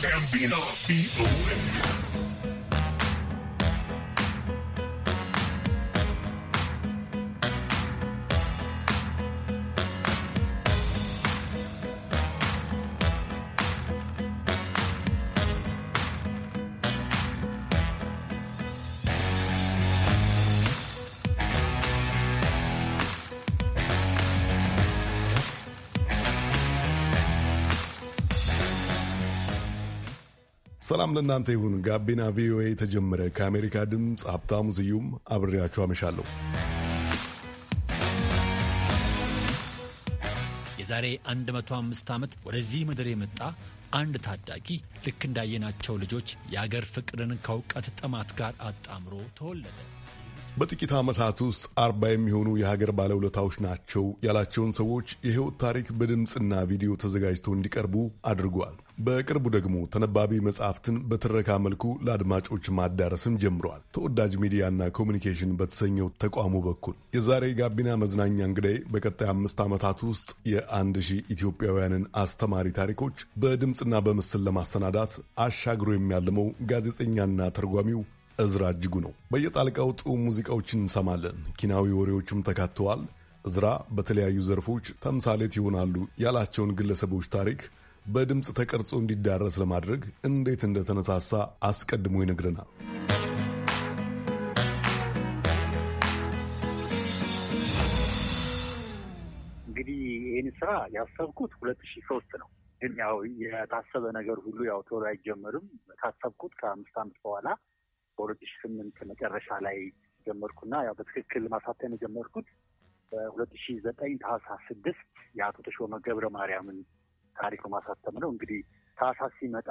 Gambino, B-O-N. ሰላም ለእናንተ ይሁን። ጋቢና ቪኦኤ ተጀመረ። ከአሜሪካ ድምፅ ሀብታሙ ስዩም አብሬያችሁ አመሻለሁ። የዛሬ 105 ዓመት ወደዚህ ምድር የመጣ አንድ ታዳጊ ልክ እንዳየናቸው ልጆች የአገር ፍቅርን ከእውቀት ጥማት ጋር አጣምሮ ተወለደ። በጥቂት ዓመታት ውስጥ አርባ የሚሆኑ የሀገር ባለውለታዎች ናቸው ያላቸውን ሰዎች የሕይወት ታሪክ በድምፅና ቪዲዮ ተዘጋጅቶ እንዲቀርቡ አድርጓል። በቅርቡ ደግሞ ተነባቢ መጽሐፍትን በትረካ መልኩ ለአድማጮች ማዳረስም ጀምረዋል። ተወዳጅ ሚዲያና ኮሚኒኬሽን በተሰኘው ተቋሙ በኩል የዛሬ ጋቢና መዝናኛ እንግዳይ በቀጣይ አምስት ዓመታት ውስጥ የአንድ ሺህ ኢትዮጵያውያንን አስተማሪ ታሪኮች በድምፅና በምስል ለማሰናዳት አሻግሮ የሚያልመው ጋዜጠኛና ተርጓሚው እዝራ እጅጉ ነው። በየጣልቃው ጥሩ ሙዚቃዎችን እንሰማለን፣ ኪናዊ ወሬዎችም ተካተዋል። እዝራ በተለያዩ ዘርፎች ተምሳሌት ይሆናሉ ያላቸውን ግለሰቦች ታሪክ በድምፅ ተቀርጾ እንዲዳረስ ለማድረግ እንዴት እንደተነሳሳ አስቀድሞ ይነግረናል። እንግዲህ ይህን ስራ ያሰብኩት ሁለት ሺህ ሶስት ነው። ግን ያው የታሰበ ነገር ሁሉ ያው ቶሎ አይጀመርም። ታሰብኩት ከአምስት ዓመት በኋላ በሁለት ሺ ስምንት መጨረሻ ላይ ጀመርኩና ያው በትክክል ማሳተን የጀመርኩት በሁለት ሺ ዘጠኝ ታህሳስ ስድስት የአቶ ተሾመ ገብረ ማርያምን ታሪክ ማሳተም ነው። እንግዲህ ታህሳስ ሲመጣ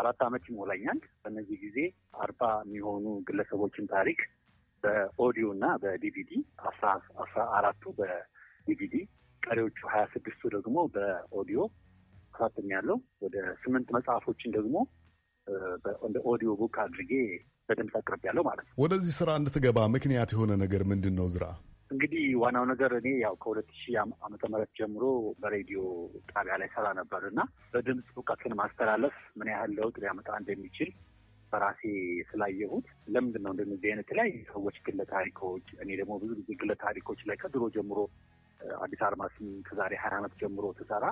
አራት ዓመት ይሞላኛል። በእነዚህ ጊዜ አርባ የሚሆኑ ግለሰቦችን ታሪክ በኦዲዮ እና በዲቪዲ አስራ አስራ አራቱ በዲቪዲ ቀሪዎቹ ሀያ ስድስቱ ደግሞ በኦዲዮ አሳትም ያለው ወደ ስምንት መጽሐፎችን ደግሞ እንደ ኦዲዮ ቡክ አድርጌ በደንብ አቅርብ ያለው ማለት ነው። ወደዚህ ስራ እንድትገባ ምክንያት የሆነ ነገር ምንድን ነው? ዝራ እንግዲህ ዋናው ነገር እኔ ያው ከሁለት ሺህ ዓመተ ምህረት ጀምሮ በሬዲዮ ጣቢያ ላይ ሰራ ነበር እና በድምፅ እውቀትን ማስተላለፍ ምን ያህል ለውጥ ሊያመጣ እንደሚችል በራሴ ስላየሁት ለምንድን ነው እንደዚህ አይነት የተለያዩ ሰዎች ግለ ታሪኮች እኔ ደግሞ ብዙ ጊዜ ግለ ታሪኮች ላይ ከድሮ ጀምሮ አዲስ አድማስም ከዛሬ ሀያ ዓመት ጀምሮ ትሰራ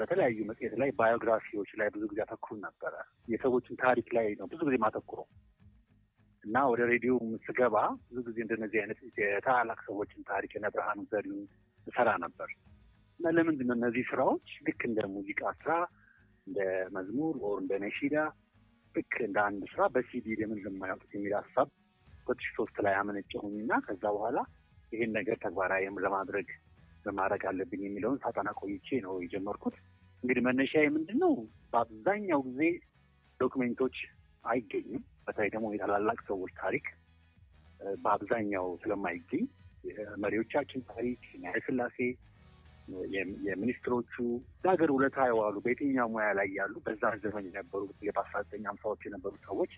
በተለያዩ መጽሔት ላይ ባዮግራፊዎች ላይ ብዙ ጊዜ አተኩሩ ነበረ። የሰዎችን ታሪክ ላይ ነው ብዙ ጊዜ ማተኩረው እና ወደ ሬዲዮ ስገባ ብዙ ጊዜ እንደነዚህ አይነት የታላላቅ ሰዎችን ታሪክ የነ ብርሃኑ ዘሪሁን እሰራ ነበር እና ለምንድን ነው እነዚህ ስራዎች ልክ እንደ ሙዚቃ ስራ እንደ መዝሙር ኦር እንደ ነሺዳ ልክ እንደ አንድ ስራ በሲዲ ለምን ለማያውቁት የሚል ሀሳብ ሁለት ሺህ ሶስት ላይ አመነጨሁኝ እና ከዛ በኋላ ይሄን ነገር ተግባራዊ ለማድረግ ለማድረግ አለብኝ የሚለውን ሳጠና ቆይቼ ነው የጀመርኩት። እንግዲህ መነሻዬ ምንድን ነው? በአብዛኛው ጊዜ ዶክሜንቶች አይገኙም። በተለይ ደግሞ የታላላቅ ሰዎች ታሪክ በአብዛኛው ስለማይገኝ የመሪዎቻችን ታሪክ ኃይለሥላሴ የሚኒስትሮቹ ለሀገር ውለታ የዋሉ በየትኛው ሙያ ላይ ያሉ በዛ ዘመን የነበሩ በአስራ ዘጠኝ ሀምሳዎች የነበሩ ሰዎች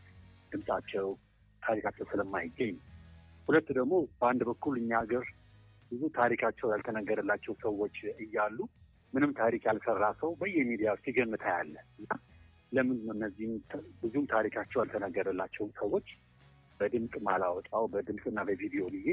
ድምጻቸው፣ ታሪካቸው ስለማይገኝ፣ ሁለት ደግሞ በአንድ በኩል እኛ ሀገር ብዙ ታሪካቸው ያልተነገረላቸው ሰዎች እያሉ ምንም ታሪክ ያልሰራ ሰው በየሚዲያው ሲገምታ ያለ ለምን እነዚህም ብዙም ታሪካቸው ያልተነገረላቸውን ሰዎች በድምፅ ማላወጣው በድምፅና በቪዲዮ ልዬ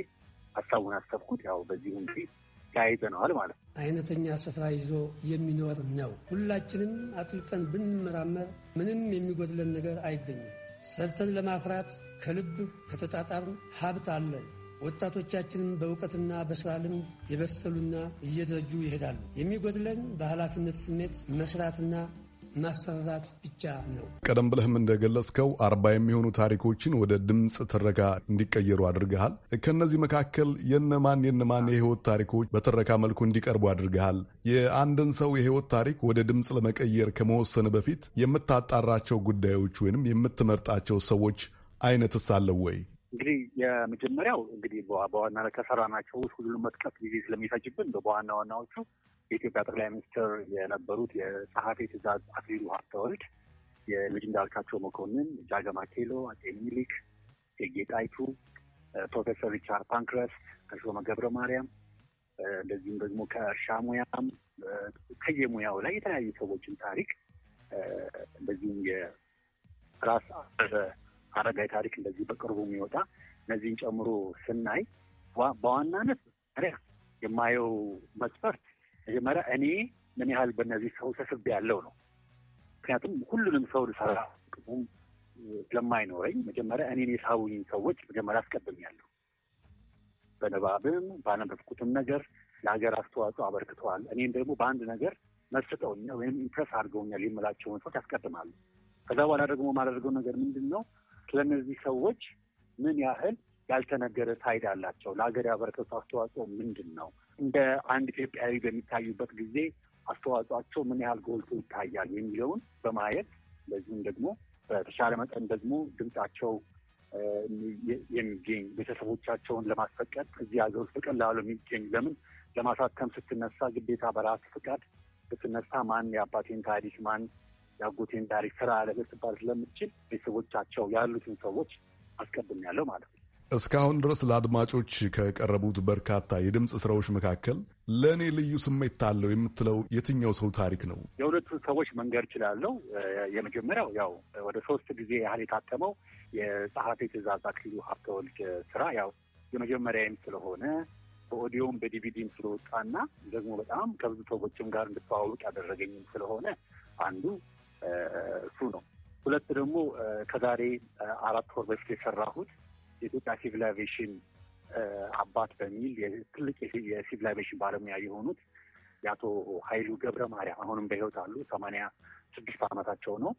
ሀሳቡን አሰብኩት። ያው በዚሁም ጊዜ ተያይዘነዋል ማለት ነው። አይነተኛ ስፍራ ይዞ የሚኖር ነው። ሁላችንም አጥልቀን ብንመራመር ምንም የሚጎድለን ነገር አይገኝም። ሰርተን ለማፍራት ከልብ ከተጣጣርን ሀብት አለን። ወጣቶቻችንም በእውቀትና በስራ ልምድ የበሰሉና እየደረጁ ይሄዳሉ። የሚጎድለን በኃላፊነት ስሜት መስራትና ማሰራት ብቻ ነው። ቀደም ብለህም እንደገለጽከው አርባ የሚሆኑ ታሪኮችን ወደ ድምፅ ትረካ እንዲቀየሩ አድርገሃል። ከእነዚህ መካከል የነማን የነማን የህይወት ታሪኮች በትረካ መልኩ እንዲቀርቡ አድርገሃል? የአንድን ሰው የህይወት ታሪክ ወደ ድምፅ ለመቀየር ከመወሰን በፊት የምታጣራቸው ጉዳዮች ወይንም የምትመርጣቸው ሰዎች አይነትስ አለው ወይ? እንግዲህ የመጀመሪያው እንግዲህ ከሰራ ናቸው ውስጥ ሁሉንም መጥቀስ ጊዜ ስለሚፈጅብን በዋና ዋናዎቹ የኢትዮጵያ ጠቅላይ ሚኒስትር የነበሩት የጸሐፊ ትእዛዝ አክሊሉ ሀብተወልድ፣ የልጅ እንዳልካቸው መኮንን፣ ጃገማ ኬሎ፣ አጤ ሚኒሊክ፣ እቴጌ ጣይቱ፣ ፕሮፌሰር ሪቻርድ ፓንክረስት፣ ተሾመ ገብረ ማርያም እንደዚሁም ደግሞ ከእርሻ ሙያም ከየሙያው ላይ የተለያዩ ሰዎችን ታሪክ እንደዚሁም የራስ አረጋዊ ታሪክ እንደዚህ በቅርቡ የሚወጣ እነዚህን ጨምሮ ስናይ በዋናነት ሪያ የማየው መስፈርት መጀመሪያ እኔ ምን ያህል በእነዚህ ሰው ተስብ ያለው ነው። ምክንያቱም ሁሉንም ሰው ልሰራ ቅሙም ስለማይኖረኝ መጀመሪያ እኔን የሳቡኝ ሰዎች መጀመሪያ ያለው በንባብም ባነበብኩትም ነገር ለሀገር አስተዋጽኦ አበርክተዋል፣ እኔም ደግሞ በአንድ ነገር መስጠውኛ ወይም ኢምፕረስ አድርገውኛል የምላቸውን ሰዎች ያስቀድማሉ። ከዛ በኋላ ደግሞ የማደርገው ነገር ምንድን ነው? ስለነዚህ ሰዎች ምን ያህል ያልተነገረ ሳይድ አላቸው? ለሀገር ያበረከቱ አስተዋጽኦ ምንድን ነው? እንደ አንድ ኢትዮጵያዊ በሚታዩበት ጊዜ አስተዋጽኦቸው ምን ያህል ጎልቶ ይታያል የሚለውን በማየት እንደዚሁም ደግሞ በተሻለ መጠን ደግሞ ድምጻቸው የሚገኝ ቤተሰቦቻቸውን ለማስፈቀድ እዚህ ሀገር ውስጥ በቀላሉ የሚገኝ ለምን ለማሳተም ስትነሳ ግዴታ በራስ ፍቃድ ስትነሳ ማን የአባቴን ታሪክ ማን የአጎቴን ዳሪ ስራ ለምትባል ስለምችል ቤተሰቦቻቸው ያሉትን ሰዎች አስቀድም ያለው ማለት ነው። እስካሁን ድረስ ለአድማጮች ከቀረቡት በርካታ የድምፅ ስራዎች መካከል ለእኔ ልዩ ስሜት አለው የምትለው የትኛው ሰው ታሪክ ነው? የሁለቱ ሰዎች መንገድ እችላለሁ። የመጀመሪያው ያው ወደ ሶስት ጊዜ ያህል የታተመው የጸሐፊ ትእዛዝ አክሊሉ ሀብተወልድ ስራ ያው የመጀመሪያዬም ስለሆነ በኦዲዮም በዲቪዲም ስለወጣና ደግሞ በጣም ከብዙ ሰዎችም ጋር እንድተዋወቅ ያደረገኝም ስለሆነ አንዱ እሱ ነው። ሁለት ደግሞ ከዛሬ አራት ወር በፊት የሰራሁት የኢትዮጵያ ሲቪል አቪዬሽን አባት በሚል ትልቅ የሲቪል አቪዬሽን ባለሙያ የሆኑት የአቶ ኃይሉ ገብረ ማርያም አሁንም በህይወት አሉ። ሰማንያ ስድስት ዓመታቸው ነው።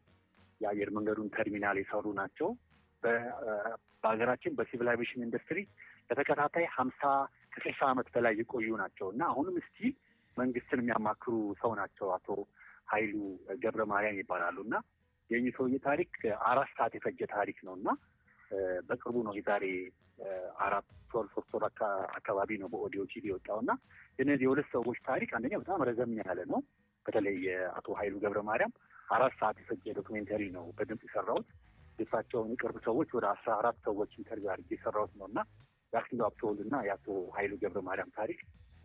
የአየር መንገዱን ተርሚናል የሰሩ ናቸው። በሀገራችን በሲቪል አቪዬሽን ኢንዱስትሪ በተከታታይ ሀምሳ ከስልሳ ዓመት በላይ የቆዩ ናቸው እና አሁንም እስቲ መንግስትን የሚያማክሩ ሰው ናቸው አቶ ኃይሉ ገብረ ማርያም ይባላሉ እና የኚህ ሰውዬ ታሪክ አራት ሰዓት የፈጀ ታሪክ ነው እና በቅርቡ ነው የዛሬ አራት ወር ሶስት ወር አካባቢ ነው በኦዲዮ ጂል የወጣው እና እነዚህ የሁለት ሰዎች ታሪክ አንደኛ በጣም ረዘም ያለ ነው። በተለይ የአቶ ኃይሉ ገብረ ማርያም አራት ሰዓት የፈጀ ዶክሜንተሪ ነው በድምፅ የሰራሁት። የእሳቸውን የቅርብ ሰዎች ወደ አስራ አራት ሰዎች ኢንተርቪው አድርጌ የሰራሁት ነው እና የአክሊሉ ሀብተወልድ እና የአቶ ኃይሉ ገብረ ማርያም ታሪክ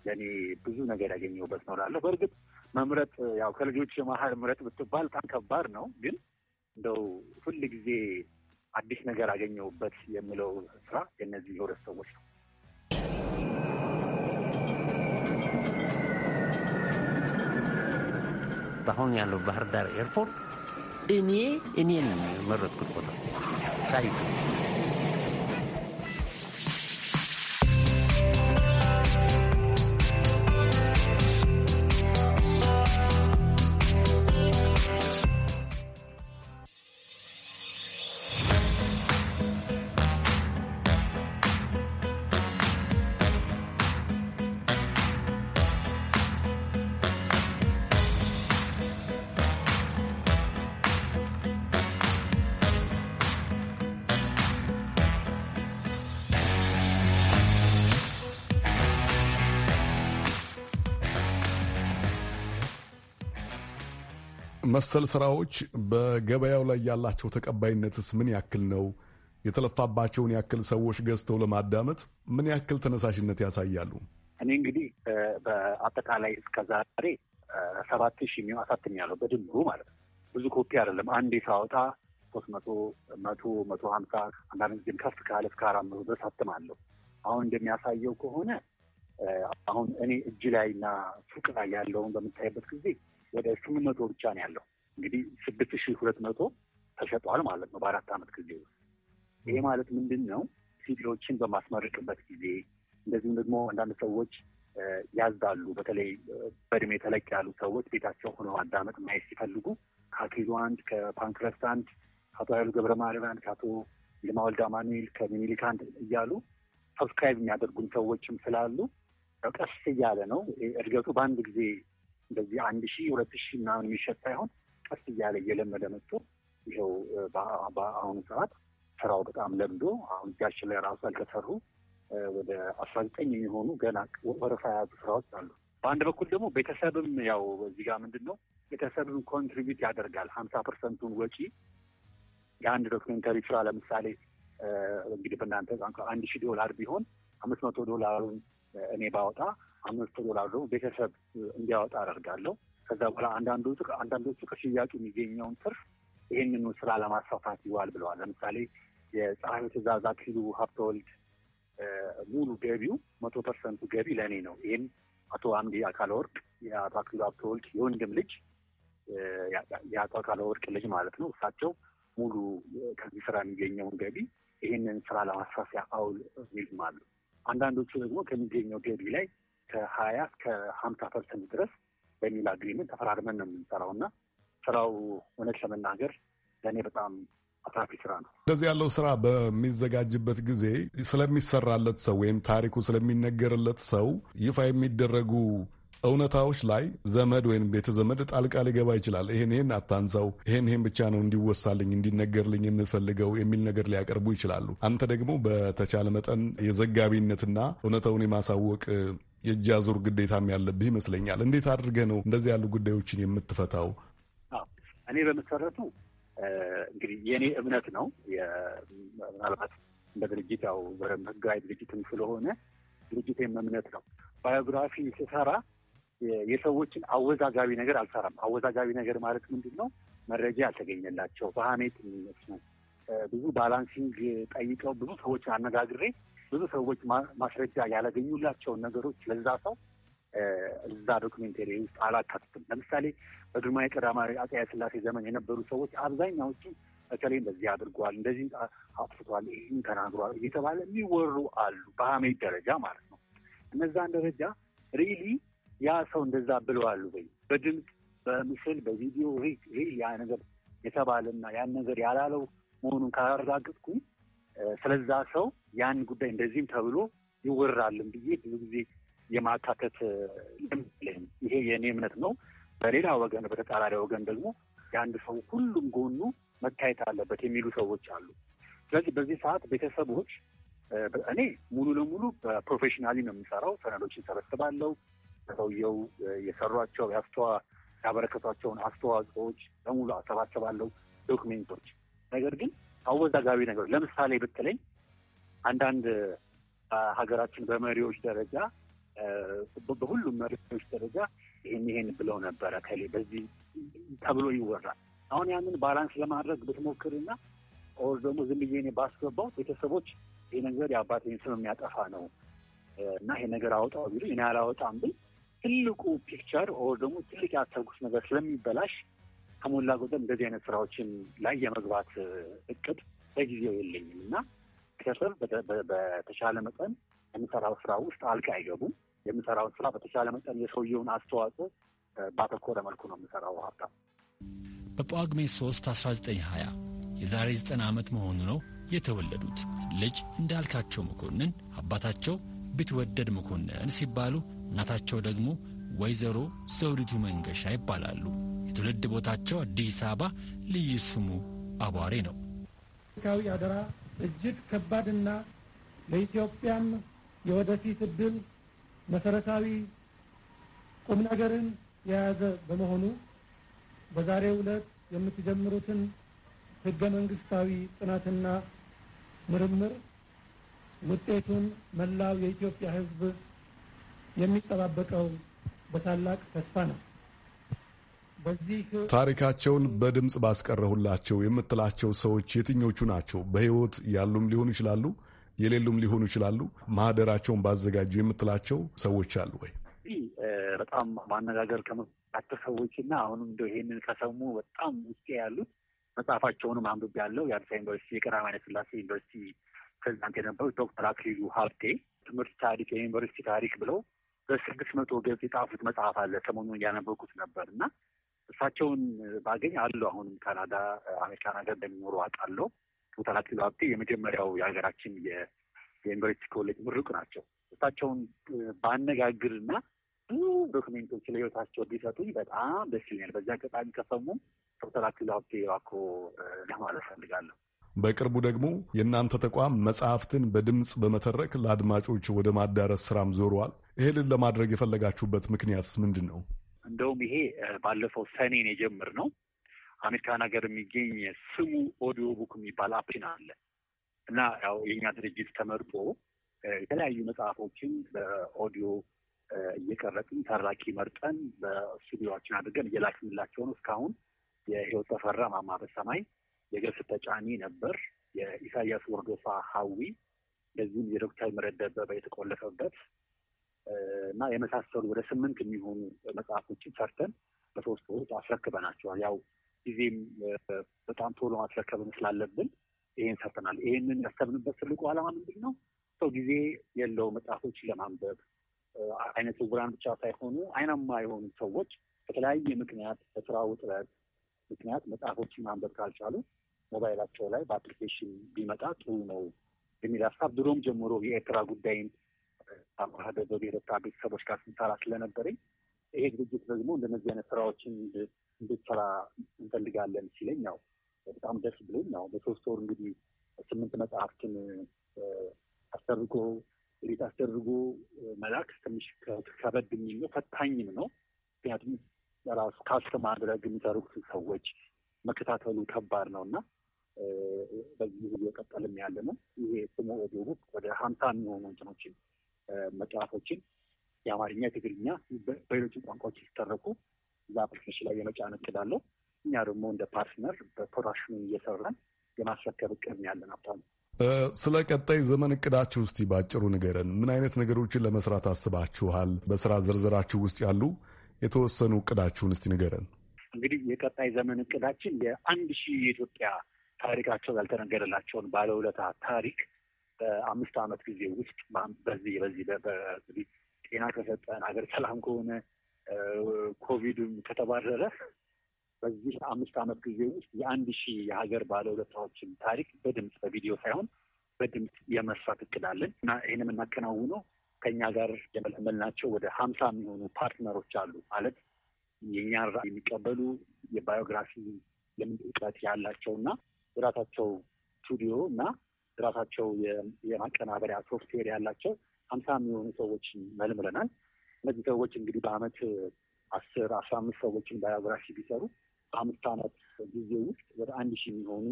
ለእኔ ብዙ ነገር ያገኘሁበት ነው እላለሁ። በእርግጥ መምረጥ ያው ከልጆች መሀል ምረጥ ብትባል በጣም ከባድ ነው። ግን እንደው ሁል ጊዜ አዲስ ነገር አገኘሁበት የምለው ስራ የእነዚህ የሁለት ሰዎች ነው። አሁን ያለው ባህር ዳር ኤርፖርት እኔ እኔን መረጥኩት ቦታ ሳይቱ መሰል ስራዎች በገበያው ላይ ያላቸው ተቀባይነትስ ምን ያክል ነው? የተለፋባቸውን ያክል ሰዎች ገዝተው ለማዳመጥ ምን ያክል ተነሳሽነት ያሳያሉ? እኔ እንግዲህ በአጠቃላይ እስከ ዛሬ ሰባት ሺህ የሚሆን አሳትሜያለሁ በድምሩ ማለት ነው። ብዙ ኮፒ አይደለም አንዴ ሳወጣ ሶስት መቶ መቶ መቶ ሀምሳ አንዳንድ ጊዜም ከፍ ካለ እስከ አራት መቶ ድረስ አትማለሁ። አሁን እንደሚያሳየው ከሆነ አሁን እኔ እጅ ላይ እና ሱቅ ላይ ያለውን በምታይበት ጊዜ ወደ ስምንት መቶ ብቻ ነው ያለው። እንግዲህ ስድስት ሺህ ሁለት መቶ ተሸጧል ማለት ነው በአራት ዓመት ጊዜ ውስጥ። ይሄ ማለት ምንድን ነው? ሲቪሎችን በማስመርቅበት ጊዜ እንደዚሁም ደግሞ አንዳንድ ሰዎች ያዝዳሉ። በተለይ በእድሜ ተለቅ ያሉ ሰዎች ቤታቸው ሆነው አዳመጥ ማየት ሲፈልጉ ከአኪዞ አንድ፣ ከፓንክረስ አንድ፣ ከአቶ ኃይሉ ገብረ ማርያም አንድ፣ ከአቶ ልማ ወልደ አማኑኤል፣ ከሚኒሊክ አንድ እያሉ ሰብስክራይብ የሚያደርጉን ሰዎችም ስላሉ ቀስ እያለ ነው እድገቱ። በአንድ ጊዜ እንደዚህ አንድ ሺህ ሁለት ሺህ ምናምን የሚሸጥ ሳይሆን ቀስ እያለ እየለመደ መጥቶ ይኸው በአሁኑ ሰዓት ስራው በጣም ለምዶ አሁን እጃችን ላይ ራሱ ያልተሰሩ ወደ አስራ ዘጠኝ የሚሆኑ ገና ወረፋ የያዙ ስራዎች አሉ። በአንድ በኩል ደግሞ ቤተሰብም ያው እዚህ ጋር ምንድን ነው ቤተሰብም ኮንትሪቢዩት ያደርጋል ሀምሳ ፐርሰንቱን ወጪ የአንድ ዶክመንተሪ ስራ ለምሳሌ እንግዲህ በእናንተ አንድ ሺህ ዶላር ቢሆን አምስት መቶ ዶላሩን እኔ ባወጣ አምስት ዶላር ቤተሰብ እንዲያወጣ አደርጋለሁ። ከዛ በኋላ አንዳንዶቹ ከሽያጩ የሚገኘውን ትርፍ ይህንኑ ስራ ለማስፋፋት ይዋል ብለዋል። ለምሳሌ የፀሐዩ ትእዛዝ አክሊሉ ሀብተወልድ ሙሉ ገቢው መቶ ፐርሰንቱ ገቢ ለእኔ ነው። ይህም አቶ አምዲ አካለ ወርቅ የአቶ አክሊሉ ሀብተወልድ የወንድም ልጅ የአቶ አካለ ወርቅ ልጅ ማለት ነው። እሳቸው ሙሉ ከዚህ ስራ የሚገኘውን ገቢ ይህንን ስራ ለማስፋፊያ አውል የሚሉም አሉ። አንዳንዶቹ ደግሞ ከሚገኘው ገቢ ላይ ከሀያ እስከ ሀምሳ ፐርሰንት ድረስ በሚል አግሪመንት ተፈራርመን ነው የምንሰራው እና ስራው እውነት ለመናገር ለእኔ በጣም አትራፊ ስራ ነው። እንደዚህ ያለው ስራ በሚዘጋጅበት ጊዜ ስለሚሰራለት ሰው ወይም ታሪኩ ስለሚነገርለት ሰው ይፋ የሚደረጉ እውነታዎች ላይ ዘመድ ወይም ቤተ ዘመድ ጣልቃ ሊገባ ይችላል። ይሄን ይሄን አታንሰው፣ ይሄን ይሄን ብቻ ነው እንዲወሳልኝ እንዲነገርልኝ የምፈልገው የሚል ነገር ሊያቀርቡ ይችላሉ። አንተ ደግሞ በተቻለ መጠን የዘጋቢነትና እውነታውን የማሳወቅ የእጅ አዙር ግዴታም ያለብህ ይመስለኛል። እንዴት አድርገህ ነው እንደዚህ ያሉ ጉዳዮችን የምትፈታው? እኔ በመሰረቱ እንግዲህ የእኔ እምነት ነው። ምናልባት እንደ ድርጅት ያው በደምብ ህጋዊ ድርጅትም ስለሆነ ድርጅቴም እምነት ነው። ባዮግራፊ ስሰራ የሰዎችን አወዛጋቢ ነገር አልሰራም። አወዛጋቢ ነገር ማለት ምንድን ነው? መረጃ ያልተገኘላቸው በሀሜት የሚነሱ ብዙ ባላንሲንግ ጠይቀው ብዙ ሰዎችን አነጋግሬ ብዙ ሰዎች ማስረጃ ያላገኙላቸውን ነገሮች ለዛ ሰው እዛ ዶክሜንቴሪ ውስጥ አላካትትም። ለምሳሌ በግርማዊ ቀዳማዊ አፄ ስላሴ ዘመን የነበሩ ሰዎች አብዛኛዎቹ በተለይ እንደዚህ አድርጓል፣ እንደዚህ አጥፍቷል፣ ይህን ተናግሯል እየተባለ የሚወሩ አሉ፣ በሀሜት ደረጃ ማለት ነው። እነዛን ደረጃ ሪሊ ያ ሰው እንደዛ ብለዋሉ ወይ በድምፅ በምስል በቪዲዮ ሪል ያ ነገር የተባለና ያን ነገር ያላለው መሆኑን ካላረጋገጥኩኝ ስለዛ ሰው ያን ጉዳይ እንደዚህም ተብሎ ይወራልን ብዬ ብዙ ጊዜ የማካተት ልምለም ይሄ የእኔ እምነት ነው። በሌላ ወገን በተጻራሪ ወገን ደግሞ የአንድ ሰው ሁሉም ጎኑ መታየት አለበት የሚሉ ሰዎች አሉ። ስለዚህ በዚህ ሰዓት ቤተሰቦች እኔ ሙሉ ለሙሉ በፕሮፌሽናሊ ነው የምሰራው። ሰነዶችን ሰበስባለው ሰውየው የሰሯቸው ያበረከቷቸውን አስተዋጽኦዎች በሙሉ አሰባሰባለው ዶክሜንቶች። ነገር ግን አወዛጋቢ ነገር ለምሳሌ ብትለኝ አንዳንድ ሀገራችን በመሪዎች ደረጃ በሁሉም መሪዎች ደረጃ ይህን ይሄን ብለው ነበረ ከሌ በዚህ ተብሎ ይወራል። አሁን ያንን ባላንስ ለማድረግ ብትሞክርና ኦር ደግሞ ዝም ብዬ እኔ ባስገባው ቤተሰቦች ይህ ነገር የአባቴን ስም የሚያጠፋ ነው እና ይሄ ነገር አወጣው ቢሉ እኔ አላወጣም ብል ትልቁ ፒክቸር ኦር ደግሞ ትልቅ ያሰብኩት ነገር ስለሚበላሽ ከሞላ ጎደል እንደዚህ አይነት ስራዎችን ላይ የመግባት እቅድ በጊዜው የለኝም እና ከስር በተሻለ መጠን የምሰራው ስራ ውስጥ አልቃ አይገቡም። የምሰራውን ስራ በተሻለ መጠን የሰውየውን አስተዋጽኦ ባተኮረ መልኩ ነው የምሰራው። ሀብታ በጳጉሜ 3 1920 የዛሬ 90 ዓመት መሆኑ ነው የተወለዱት ልጅ እንዳልካቸው መኮንን አባታቸው ቢትወደድ መኮንን ሲባሉ እናታቸው ደግሞ ወይዘሮ ዘውዲቱ መንገሻ ይባላሉ። የትውልድ ቦታቸው አዲስ አበባ ልዩ ስሙ አቧሬ ነው። አደራ እጅግ ከባድና ለኢትዮጵያም የወደፊት እድል መሰረታዊ ቁም ነገርን የያዘ በመሆኑ በዛሬው ዕለት የምትጀምሩትን ህገ መንግስታዊ ጥናትና ምርምር ውጤቱን መላው የኢትዮጵያ ህዝብ የሚጠባበቀው በታላቅ ተስፋ ነው። ታሪካቸውን በድምፅ ባስቀረሁላቸው የምትላቸው ሰዎች የትኞቹ ናቸው? በሕይወት ያሉም ሊሆኑ ይችላሉ፣ የሌሉም ሊሆኑ ይችላሉ። ማህደራቸውን ባዘጋጁ የምትላቸው ሰዎች አሉ ወይ? በጣም ማነጋገር ከመጣቸው ሰዎች እና አሁንም እንደ ይሄንን ከሰሙ በጣም ውስጤ ያሉት መጽሐፋቸውንም አንብቤ ያለው የአዲስ ዩኒቨርሲቲ የቀዳማዊ ኃይለ ሥላሴ ዩኒቨርሲቲ ፕሬዚዳንት የነበሩት ዶክተር አክሊሉ ሀብቴ ትምህርት ታሪክ የዩኒቨርሲቲ ታሪክ ብለው በስድስት መቶ ገጽ የጻፉት መጽሐፍ አለ። ሰሞኑን እያነበብኩት ነበር እና እሳቸውን ባገኝ አሉ። አሁንም ካናዳ፣ አሜሪካን ሀገር እንደሚኖሩ አውቃለሁ። ዶክተር አክሊሉ ሀብቴ የመጀመሪያው የሀገራችን የዩኒቨርሲቲ ኮሌጅ ምሩቅ ናቸው። እሳቸውን ባነጋግርና ብዙ ዶክሜንቶች ለህይወታቸው ቢሰጡኝ በጣም ደስ ይለኛል። በዚህ አጋጣሚ ከሰሙ ዶክተር አክሊሉ ሀብቴ እባክዎ ለማለት ፈልጋለሁ። በቅርቡ ደግሞ የእናንተ ተቋም መጽሐፍትን በድምፅ በመተረክ ለአድማጮች ወደ ማዳረስ ስራም ዞረዋል። ይህንን ለማድረግ የፈለጋችሁበት ምክንያትስ ምንድን ነው? እንደውም ይሄ ባለፈው ሰኔን የጀምር ነው። አሜሪካን ሀገር የሚገኝ ስሙ ኦዲዮ ቡክ የሚባል አፕሽን አለ እና ያው የኛ ድርጅት ተመርጦ የተለያዩ መጽሐፎችን በኦዲዮ እየቀረጥን ተራኪ መርጠን በስቱዲዮችን አድርገን እየላክንላቸው ነው። እስካሁን የህይወት ተፈራ ማማ በሰማይ፣ የገብስ ተጫኒ ነበር፣ የኢሳያስ ወርዶፋ ሀዊ፣ እንደዚሁም የዶክተር ምረት ደበበ የተቆለፈበት እና የመሳሰሉ ወደ ስምንት የሚሆኑ መጽሐፎችን ሰርተን በሶስት ወር አስረክበናቸዋል። ያው ጊዜም በጣም ቶሎ ማስረከብን ስላለብን ይሄን ሰርተናል። ይሄንን ያሰብንበት ትልቁ ዓላማ ምንድን ነው? ሰው ጊዜ የለው መጽሐፎችን ለማንበብ አይነ ስውራን ብቻ ሳይሆኑ አይናማ የሆኑ ሰዎች በተለያየ ምክንያት በስራ ውጥረት ምክንያት መጽሐፎችን ማንበብ ካልቻሉ ሞባይላቸው ላይ በአፕሊኬሽን ቢመጣ ጥሩ ነው የሚል ሀሳብ ድሮም ጀምሮ የኤርትራ ጉዳይን አባህደ በብሔረታ ቤተሰቦች ጋር ስንሰራ ስለነበረኝ ይሄ ድርጅት ደግሞ እንደነዚህ አይነት ስራዎችን እንድትሰራ እንፈልጋለን ሲለኝ ያው በጣም ደስ ብሎኝ ያው በሶስት ወር እንግዲህ ስምንት መጽሐፍትን አስደርጎ እንዴት አስደርጎ መላክ ትንሽ ከበድ የሚል ነው፣ ፈታኝም ነው። ምክንያቱም ራሱ ካስተ ማድረግ የሚሰሩት ሰዎች መከታተሉ ከባድ ነው እና በዚህ እየቀጠልም ያለ ነው። ይሄ ስሙ ኦዲዮ ቡክ ወደ ሀምሳ የሚሆኑ እንትኖችን መጽሐፎችን የአማርኛ፣ የትግርኛ በሌሎች ቋንቋዎች ሲተረኩ እዛ አፕሊኬሽን ላይ የመጫን እቅድ አለው። እኛ ደግሞ እንደ ፓርትነር በፕሮዳክሽኑ እየሰራን የማስረከብ እቅድ ያለን ሀብታሙ። ስለ ቀጣይ ዘመን እቅዳችሁ ውስጥ ባጭሩ ንገረን። ምን አይነት ነገሮችን ለመስራት አስባችኋል? በስራ ዝርዝራችሁ ውስጥ ያሉ የተወሰኑ እቅዳችሁን እስቲ ንገረን። እንግዲህ የቀጣይ ዘመን እቅዳችን የአንድ ሺህ የኢትዮጵያ ታሪካቸው ያልተነገረላቸውን ባለውለታ ታሪክ በአምስት ዓመት ጊዜ ውስጥ በዚህ በዚህ በዚህ ጤና ከሰጠን ሀገር ሰላም ከሆነ ኮቪድም ከተባረረ በዚህ አምስት ዓመት ጊዜ ውስጥ የአንድ ሺህ የሀገር ባለውለታዎችን ታሪክ በድምፅ በቪዲዮ ሳይሆን በድምፅ የመስራት እቅዳለን እና ይህን የምናከናውነው ከኛ ጋር የመለመልናቸው ወደ ሀምሳ የሚሆኑ ፓርትነሮች አሉ። ማለት የእኛን ራ የሚቀበሉ የባዮግራፊ የምን እውቀት ያላቸው እና የራሳቸው ስቱዲዮ እና ራሳቸው የማቀናበሪያ ሶፍትዌር ያላቸው ሀምሳ የሚሆኑ ሰዎችን መልምለናል። እነዚህ ሰዎች እንግዲህ በአመት አስር አስራ አምስት ሰዎችን ባዮግራፊ ቢሰሩ በአምስት አመት ጊዜ ውስጥ ወደ አንድ ሺህ የሚሆኑ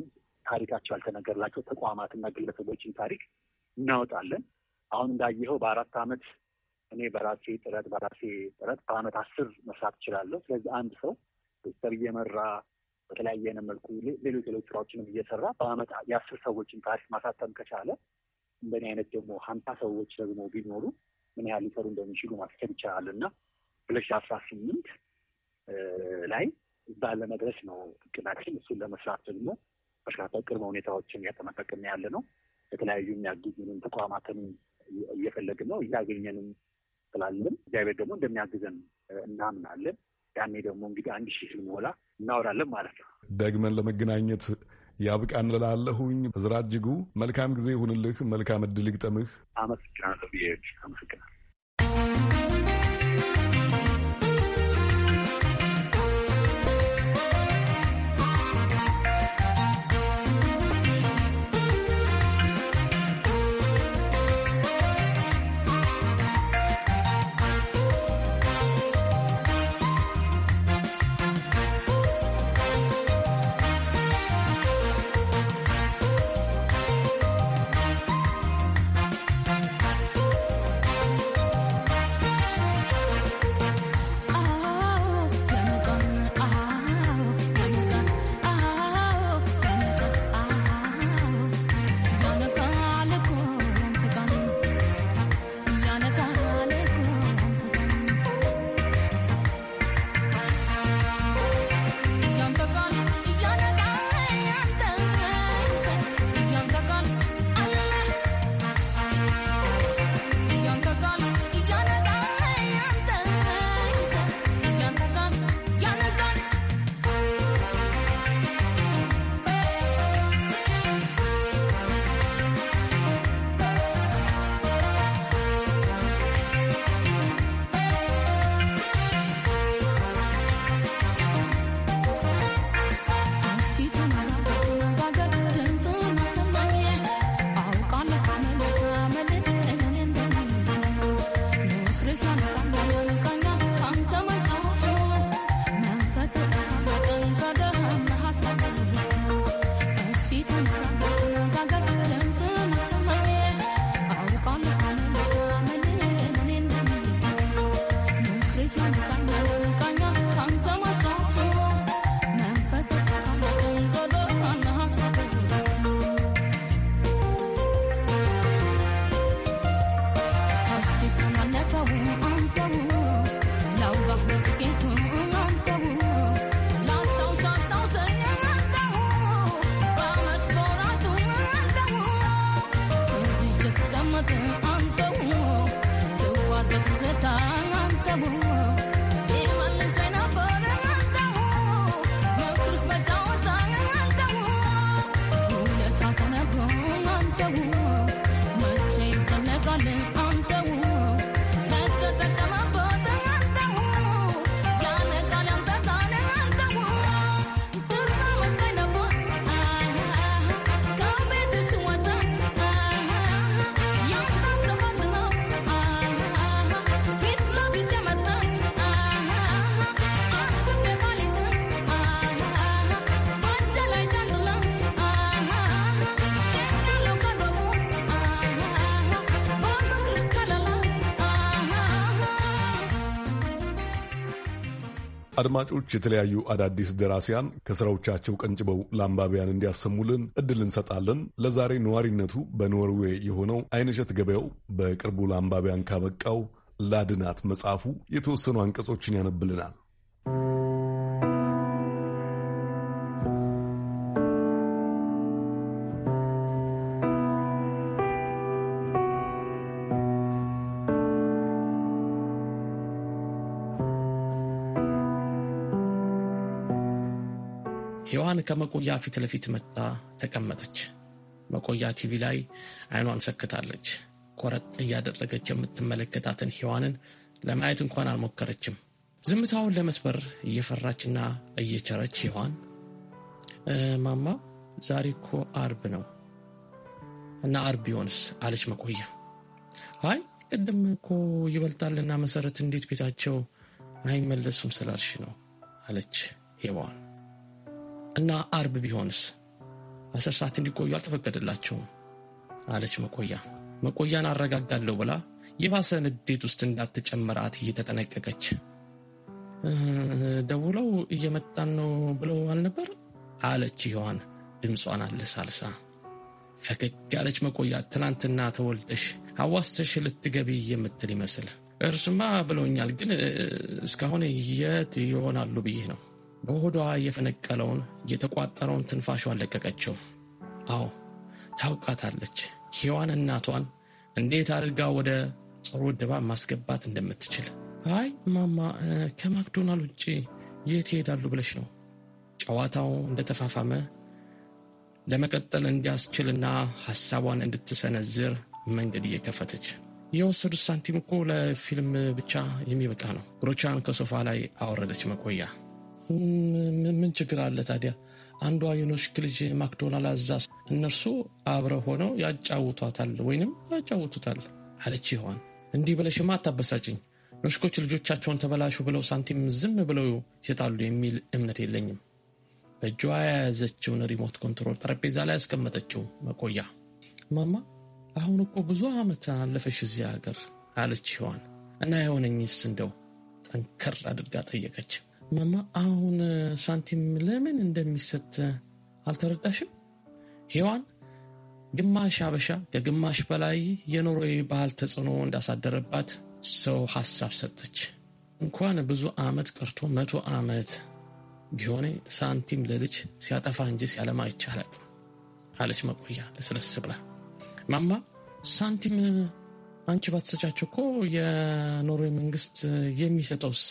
ታሪካቸው ያልተነገርላቸው ተቋማትና ግለሰቦችን ታሪክ እናወጣለን። አሁን እንዳየኸው በአራት አመት እኔ በራሴ ጥረት በራሴ ጥረት በአመት አስር መስራት እችላለሁ። ስለዚህ አንድ ሰው ዶክተር እየመራ በተለያየ አይነት መልኩ ሌሎች ሌሎች ስራዎችንም እየሰራ በአመት የአስር ሰዎችን ታሪክ ማሳተም ከቻለ እንደኔ አይነት ደግሞ ሀምሳ ሰዎች ደግሞ ቢኖሩ ምን ያህል ሊሰሩ እንደሚችሉ ማስከል ይቻላል እና ሁለት ሺ አስራ ስምንት ላይ እዛ ለመድረስ ነው እቅዳችን። እሱን ለመስራት ደግሞ በርካታ ቅድመ ሁኔታዎችን እያጠናቀቅን ያለ ነው። የተለያዩ የሚያግዙንን ተቋማትን እየፈለግን ነው፣ እያገኘንም ስላለን እግዚአብሔር ደግሞ እንደሚያግዘን እናምናለን። ያኔ ደግሞ እንግዲህ አንድ ሺህ ስንሞላ እናወራለን ማለት ነው። ደግመን ለመገናኘት ያብቃን እላለሁኝ። እዝራ እጅጉ መልካም ጊዜ ይሁንልህ፣ መልካም እድል ይግጠምህ። አመሰግናለሁ። አመሰግናለሁ። Mache አድማጮች የተለያዩ አዳዲስ ደራሲያን ከስራዎቻቸው ቀንጭበው ለአንባቢያን እንዲያሰሙልን እድል እንሰጣለን። ለዛሬ ነዋሪነቱ በኖርዌይ የሆነው አይንሸት ገበያው በቅርቡ ለአንባቢያን ካበቃው ላድናት መጽሐፉ የተወሰኑ አንቀጾችን ያነብልናል። ዮሐን ከመቆያ ፊት ለፊት መጥታ ተቀመጠች። መቆያ ቲቪ ላይ አይኗን ሰክታለች። ቆረጥ እያደረገች የምትመለከታትን ሔዋንን ለማየት እንኳን አልሞከረችም። ዝምታውን ለመስበር እየፈራችና እየቸረች ሔዋን ማማ ዛሬ እኮ አርብ ነው እና አርብ ቢሆንስ አለች መቆያ። አይ ቅድም እኮ ይበልጣልና መሰረት እንዴት ቤታቸው አይመለሱም ስላልሽ ነው አለች ሔዋን። እና አርብ ቢሆንስ? አስር ሰዓት እንዲቆዩ አልተፈቀደላቸውም አለች መቆያ። መቆያን አረጋጋለሁ ብላ የባሰ ንዴት ውስጥ እንዳትጨምራት እየተጠነቀቀች ደውለው እየመጣን ነው ብለው አልነበር አለች ይኸዋን ድምጿን አለሳልሳ። ፈገግ ያለች መቆያ ትናንትና ተወልደሽ አዋስተሽ ልትገቢ የምትል ይመስል እርሱማ ብለውኛል፣ ግን እስካሁን የት ይሆናሉ ብዬ ነው በሆዷ የፈነቀለውን የተቋጠረውን ትንፋሿን ለቀቀችው። አዎ ታውቃታለች፣ ሔዋን እናቷን እንዴት አድርጋ ወደ ጥሩ ድባብ ማስገባት እንደምትችል። አይ ማማ፣ ከማክዶናል ውጭ የት ይሄዳሉ ብለሽ ነው? ጨዋታው እንደተፋፋመ ለመቀጠል እንዲያስችልና ሐሳቧን እንድትሰነዝር መንገድ እየከፈተች የወሰዱት ሳንቲም እኮ ለፊልም ብቻ የሚበቃ ነው። እግሮቿን ከሶፋ ላይ አወረደች። መቆያ ምን ችግር አለ ታዲያ? አንዷ የኖሽክ ልጅ ማክዶናል አዛስ እነርሱ አብረው ሆነው ያጫውቷታል ወይንም ያጫውቱታል አለች። ይሆን እንዲህ ብለሽማ አታበሳጭኝ። ኖሽኮች ልጆቻቸውን ተበላሹ ብለው ሳንቲም ዝም ብለው ይሰጣሉ የሚል እምነት የለኝም። በእጇ የያዘችውን ሪሞት ኮንትሮል ጠረጴዛ ላይ ያስቀመጠችው መቆያ። ማማ አሁን እኮ ብዙ ዓመት አለፈሽ እዚህ ሀገር አለች ይሆን እና የሆነኝስ እንደው ጠንከር አድርጋ ጠየቀች። ማማ አሁን uh, ሳንቲም ለምን እንደሚሰጥ uh, አልተረዳሽም? ሔዋን ግማሽ አበሻ ከግማሽ በላይ የኖርዌይ ባህል ተጽዕኖ እንዳሳደረባት ሰው ሐሳብ ሰጠች። እንኳን ብዙ ዓመት ቀርቶ መቶ ዓመት ቢሆነ ሳንቲም ለልጅ ሲያጠፋ እንጂ ሲያለማ ይቻላል አለች መቆያ ለስለስ ብላ። ማማ ሳንቲም አንቺ ባትሰጫቸው እኮ የኖርዌይ መንግስት የሚሰጠውስ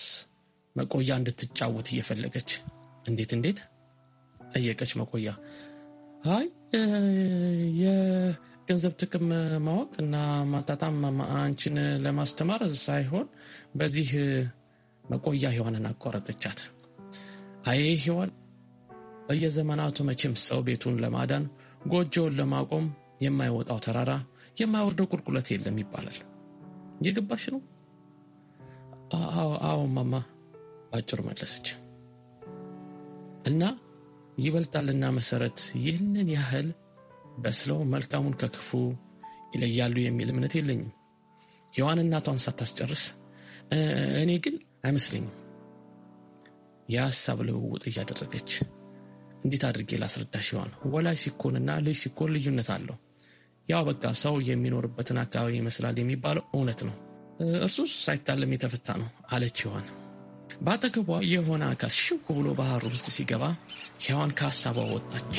መቆያ እንድትጫወት እየፈለገች እንዴት እንዴት ጠየቀች። መቆያ አይ የገንዘብ ጥቅም ማወቅ እና ማጣጣም አንቺን ለማስተማር ሳይሆን በዚህ መቆያ ሔዋንን አቋረጠቻት። አይ ሔዋን በየዘመናቱ መቼም ሰው ቤቱን ለማዳን ጎጆውን ለማቆም የማይወጣው ተራራ የማይወርደው ቁልቁለት የለም ይባላል። የገባሽ ነው? አዎ ማማ ባጭሩ መለሰች እና ይበልጣልና መሰረት ይህንን ያህል በስለው መልካሙን ከክፉ ይለያሉ የሚል እምነት የለኝም። ሔዋን እናቷን ሳታስጨርስ እኔ ግን አይመስለኝም የሀሳብ ልውውጥ እያደረገች እንዴት አድርጌ ላስረዳሽ? ይሆን? ወላጅ ሲኮንና ልጅ ሲኮን ልዩነት አለው። ያው በቃ ሰው የሚኖርበትን አካባቢ ይመስላል የሚባለው እውነት ነው። እርሱ ሳይታለም የተፈታ ነው አለች ይሆን በአጠገቧ የሆነ አካል ሽው ብሎ ባህር ውስጥ ሲገባ ሔዋን ከሀሳቧ ወጣች።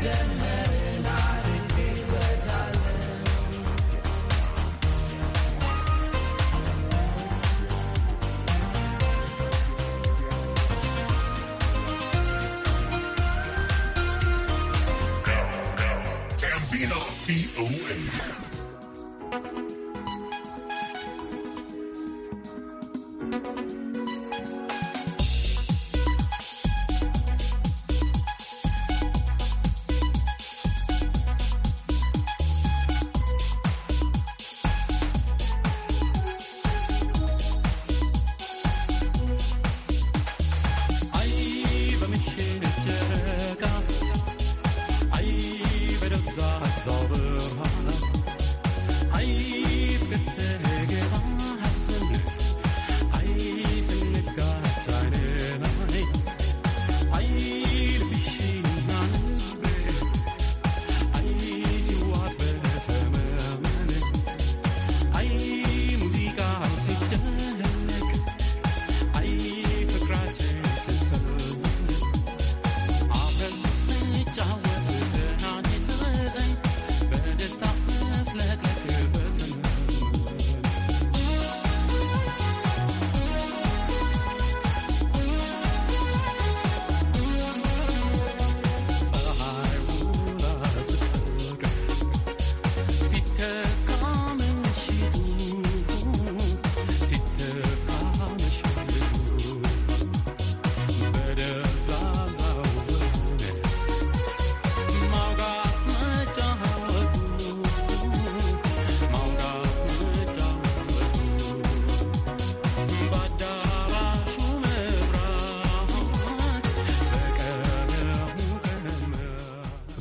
dead.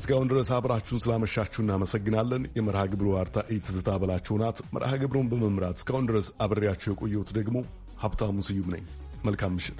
እስካሁን ድረስ አብራችሁን ስላመሻችሁ እናመሰግናለን። የመርሃ ግብሩ አርታኢ ትዝታ በላችሁ ናት። መርሃ ግብሩን በመምራት እስካሁን ድረስ አብሬያቸው የቆየሁት ደግሞ ሀብታሙ ስዩም ነኝ። መልካም ምሽት።